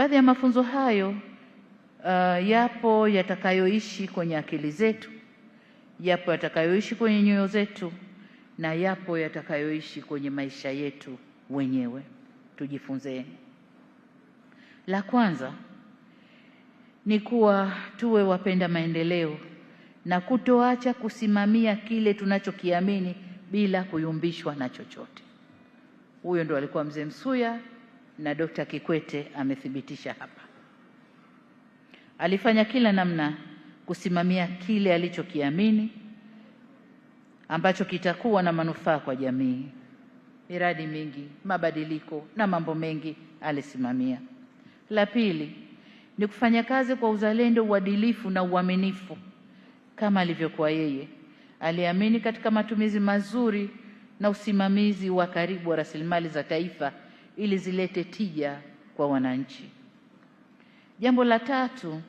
Baadhi ya mafunzo hayo uh, yapo yatakayoishi kwenye akili zetu, yapo yatakayoishi kwenye nyoyo zetu, na yapo yatakayoishi kwenye maisha yetu wenyewe. Tujifunzeni. La kwanza ni kuwa tuwe wapenda maendeleo na kutoacha kusimamia kile tunachokiamini bila kuyumbishwa na chochote. Huyo ndo alikuwa Mzee Msuya na Dkt. Kikwete amethibitisha hapa. Alifanya kila namna kusimamia kile alichokiamini ambacho kitakuwa na manufaa kwa jamii. Miradi mingi, mabadiliko na mambo mengi alisimamia. La pili ni kufanya kazi kwa uzalendo, uadilifu na uaminifu kama alivyokuwa yeye. Aliamini katika matumizi mazuri na usimamizi wa karibu wa rasilimali za taifa ili zilete tija kwa wananchi. Jambo la tatu,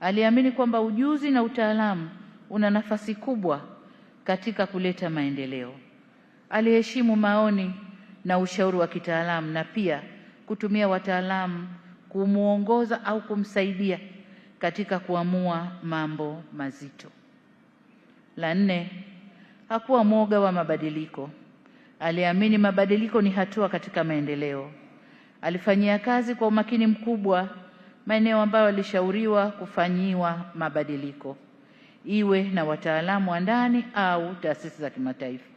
aliamini kwamba ujuzi na utaalamu una nafasi kubwa katika kuleta maendeleo. Aliheshimu maoni na ushauri wa kitaalamu na pia kutumia wataalamu kumwongoza au kumsaidia katika kuamua mambo mazito. La nne, hakuwa mwoga wa mabadiliko. Aliamini mabadiliko ni hatua katika maendeleo alifanyia kazi kwa umakini mkubwa maeneo ambayo alishauriwa kufanyiwa mabadiliko, iwe na wataalamu wa ndani au taasisi za kimataifa.